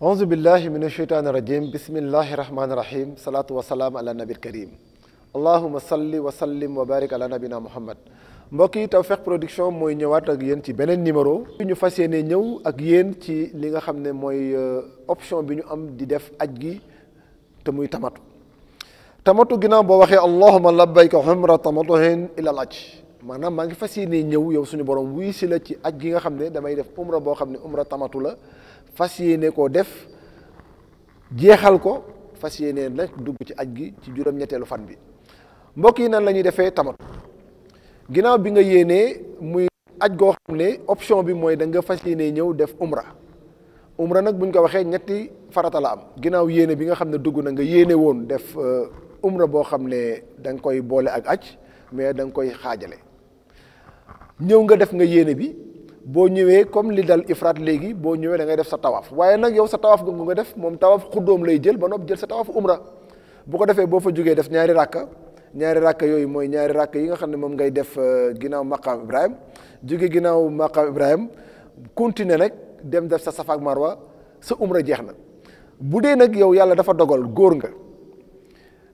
auzu billahi min asheytaani rajim bismillahi rahmaani rahim salaatu wasalaam ala nabil karim allahuma salli wa sallim wa barik ala nabina muhammad mbokk yi Tawfekh Production mooy ñëwaat ak yéen ci beneen numéro ñu fas yéene ñëw ak yéen ci li nga xam ne mooy euh, option bi ñu am di def aj gi te muy tamatu tamatu ginnaaw boo waxee allahuma labbayka umra tamatuhin ilal aj maanaam maa ngi fas yéene ñëw yow suñu borom wuy si la ci aj gi nga xam ne damay def umra boo xam ne umra tamatu la fas yéene koo def jeexal ko fas yéene nag dugg ci aj gi ci juróom-ñetteelu fan bi mbokk yi nan la defee tamattu ginnaaw bi nga yéenee muy aj goo xam ne option bi mooy da nga fas yéenee ñëw def umra umra nag buñ ko waxee ñetti faratal la am ginnaaw yéene bi nga xam ne dugg na nga yéene woon def euh, umra boo xam ne da nga koy boole ak aj mais danga koy xaajale ñëw nga def nga yéene bi boo ñëwee comme li dal ifraat léegi boo ñëwee da ngay def sa tawaaf waaye nag yow sa tawaaf googu nga def moom tawaaf xuddoom lay jël ba nopp jël sa tawaaf umra bu ko defee boo fa jógee def ñaari ràkka ñaari ràkka yooyu mooy ñaari ràkka yi nga xam ne moom ngay def euh, ginnaaw maqaam ibrahim jóge ginnaaw maqaam ibrahim continuer nag dem def sa safa ak marwa sa umra jeex na bu dee nag yow yàlla dafa dogal góor nga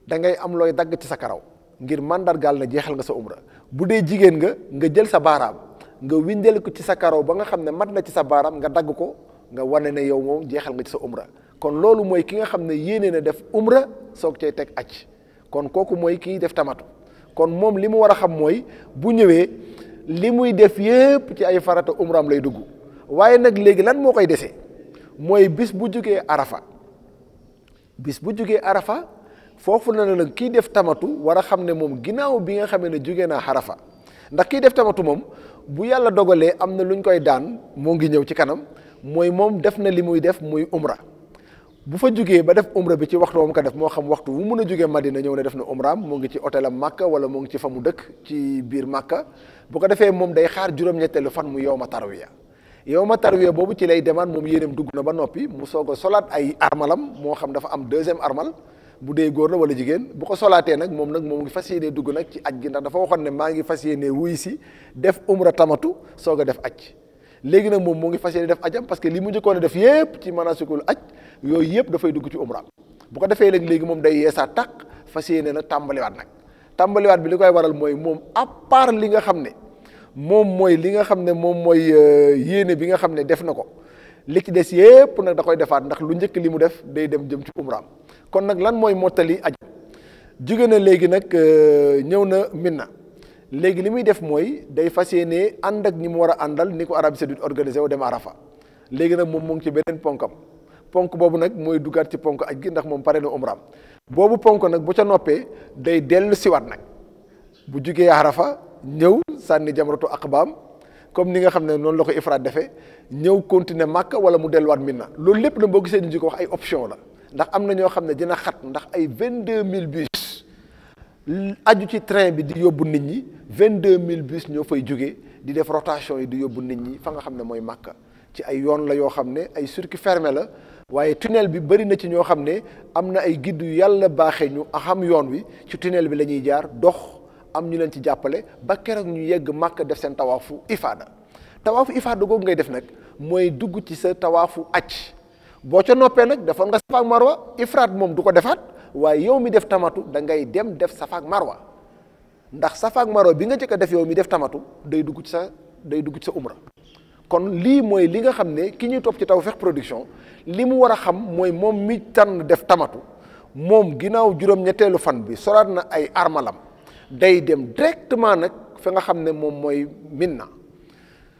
da ngay am looy dagg ci sa karaw ngir màndargaal na jeexal nga sa umra bu dee jigéen nga nga jël sa baaraam nga windeel ko ci sa karaw ba nga xam ne mat na ci sa baaraam nga dagg ko nga wane ne yow moom jeexal nga ci sa umra kon loolu mooy ki nga xam ne yéene na def umra soog cay teg aj kon kooku mooy kii def tamatu kon moom li mu war a xam mooy bu ñëwee li muy def yépp ci ay farata am lay dugg waaye nag léegi lan moo koy dese mooy bis bu jugee arafa bis bu jugee arafa foofu na nag kii def tamatu war a xam ne moom ginnaaw bi nga xamee ne jugee naa arafa ndax kii def tamatu moom bu yàlla dogalee am na lu ñu koy daan moo ngi ñëw ci kanam mooy moom def na li muy def muy umra bu fa jugee ba def umra bi ci waxtu wam ko def moo xam waxtu wu mun a jugee Madina ñëw ne def na umraam moo ngi ci hôtelam Màkka wala moo ngi ci fa mu dëkk ci biir Màkka bu ko defee moom day xaar juróom-ñetteelu fan mu yow ma tarwiya yow ma tarwiya boobu ci lay demaan moom yéeneem dugg na ba noppi mu soog a solaat ay armalam moo xam dafa am deuxième armal bu dee góor la wala jigéen bu ko solaatee nag moom nag moom ngi fas yéenee dugg nag ci aj gi ndax dafa waxoon ne maa ngi fas yéenee wuy si def umra tamatu soog a def aj léegi nag moom mu ngi fas yéene def ajam parce que li mu jëkkoon def yëpp ci manasikul aj yooyu yëpp dafay dugg ci umra bu ko defee nag léegi moom day yeesaa tàq fas yéene nag tàmbaliwaat nag tàmbaliwaat bi li koy waral mooy moom à part li nga xam ne moom mooy li nga xam ne moom mooy euh, yéene bi nga xam ne def na ko li ci des yépp nag da koy defaat ndax lu njëkk li mu def day dem jëm ci umraam kon nag lan mooy mottali aj jóge na léegi nag euh, ñëw na Mina léegi li muy def mooy day fas yéene ànd ak ñi mu war a àndal ni ko Arabie Saoudite organisé wu dem rafa léegi nag moom mu ngi ci beneen ponkam ponk boobu nag mooy duggaat ci ponk aj gi ndax moom pare na umraam boobu ponk nag bu ca noppee day dellu siwaat nag bu jóge yaa rafa ñëw sànni jamratu baam comme ni nga xam ne noonu la ko ifraat defee ñëw continuer màkk wala mu delluwaat na loolu lépp na boo gisee ñu di ko wax ay option la ndax am na ñoo xam ne dina xat ndax ay vingt deux mille bus aju ci train bi di yóbbu nit ñi vingt deux mille bus ñoo fay jóge di def rotation yi di yóbbu nit ñi fa nga xam ne mooy Màkka ci ay yoon la yoo xam ne ay circuit fermé la waaye tunnel bi bëri na ci ñoo xam ne am na ay giddu yu yàlla baaxee ñu axam yoon wi ci tunnel bi la ñuy jaar dox am ñu leen ci jàppale ba keroog ñu yegg màkk def seen tawaafu ifaada tawaafu ifaada googu ngay def nag mooy dugg ci sa tawaafu acc boo ca noppee nag defoon nga safa ak marwa ifraat moom du ko defaat waaye yow mi def tamatu da ngay dem def safa ak marwa ndax safa ak marwa bi nga jëkk a def yow mi def tamatu day dugg ci sa day dugg ci sa umra kon lii mooy li nga xam ne ki ñuy topp ci taw Tawfekh Production li mu war a xam mooy moom mi tànn def tamatu moom ginnaaw juróom-ñetteelu fan bi soraat na ay armalam day dem directement nag fa nga xam ne moom mooy Minna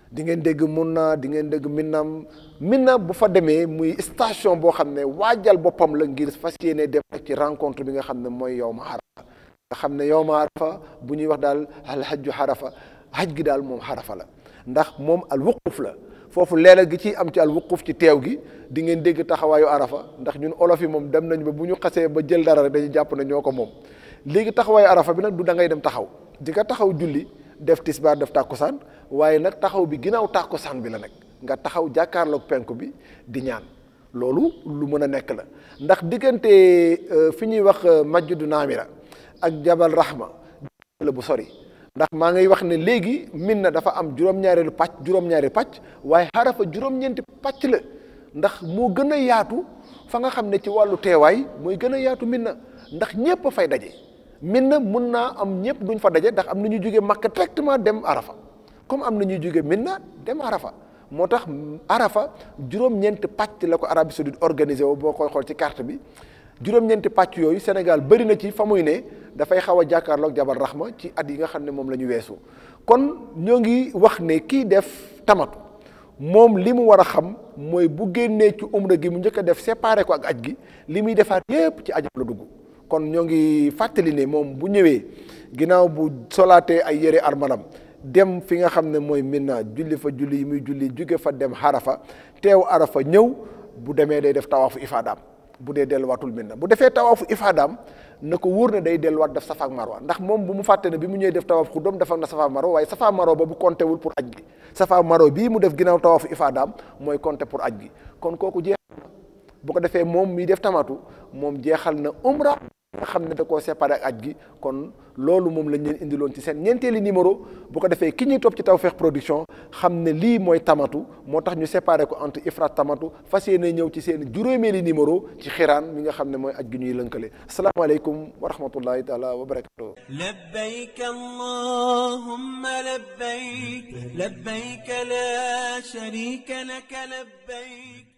di ngeen dégg Munna di ngeen dégg Minnam Minna bu fa demee muy station boo xam ne waajal boppam la ngir fas yéene dem ci rencontre bi nga xam ne mooy yow ma Arafa nga xam ne yow ma Arafa bu ñuy wax daal ju xarafa haj gi daal moom xarafa la ndax moom al wuquf la foofu leeral gi ciy am ci al wuquf ci teew gi di ngeen dégg taxawaayu Arafa ndax ñun olof yi moom dem nañu ba bu ñu xasee ba jël dara rek dañu jàpp ne ko moom léegi taxawaayu arafa bi nag du da ngay dem taxaw di nga taxaw julli def tisbaar def tàkkusaan waaye nag taxaw bi ginnaaw tàkkusaan bi la nag nga taxaw jàkkaarloog penku bi di ñaan loolu lu mën a nekk la ndax diggante euh, fi ñuy wax euh, majjudu naamira ak jabal rahma la bu sori ndax maa ngi wax ne léegi min na dafa am juróom-ñaareelu pàcc ñaari pàcc waaye xarafa juróom-ñeenti pàcc la ndax moo gën a yaatu fa nga xam ne ci wàllu teewaay mooy gën a yaatu min na ndax ñépp fay daje Mina mun naa am ñëpp duñ fa daje ndax am na ñu jóge Makka directement dem Arafa comme am na ñuy jóge Mina dem Arafa moo tax Arafa juróom-ñeenti pàcc la ko Arabie Saoudite organisé boo koy xool ci carte bi juróom-ñeenti pàcc yooyu Sénégal bëri na ci fa muy ne dafay xaw a jàkkaarloog rax ma ci at yi nga xam ne moom la ñu weesu kon ñoo ngi wax ne kii def tamatu moom li mu war a xam mooy bu génnee ci umra gi mu njëkk a def séparé ko ak aj gi li muy defaat yépp ci ajam la dugg kon ñoo ngi fàttali ne moom bu ñëwee ginnaaw bu solaatee ay yére armalam dem fi nga xam ne mooy Mina julli fa julli yi muy julli jóge fa dem Arafa teew Arafa ñëw bu demee day def tawaafu ifaadaam bu dee delluwaatul Mina bu defee tawaafu ifaadaam na ko wóor ne day delluwaat def safa ak marwa ndax moom bu mu fàtte ne bi mu ñëwee def tawaaf xuddoom dafa na safa marwa waaye safa marwa ba bu compté wul pour aj gi safa marwa bii mu def ginnaaw tawaafu ifaadaam mooy pour aj gi kon kooku jeex bu ko defee moom muy def tamatu moom jeexal na umra nga xam ne da koo séparé ak aj gi kon loolu moom lañ leen indiloon ci seen ñeenteeli numéro bu ko defee ki ñuy topp ci Tawfekh Production xam ne lii mooy tamatu moo tax ñu séparé ko entre ifrat tamatu fa yéene ñëw ci seen juróomeeli numéro ci xiraan mi nga xam ne mooy aj gi ñuy lënkale asalaamaaleykum wa rahmatullahi taala wa barakatuh labbayk allahumma labbayk labbayk la sharika lak labbayk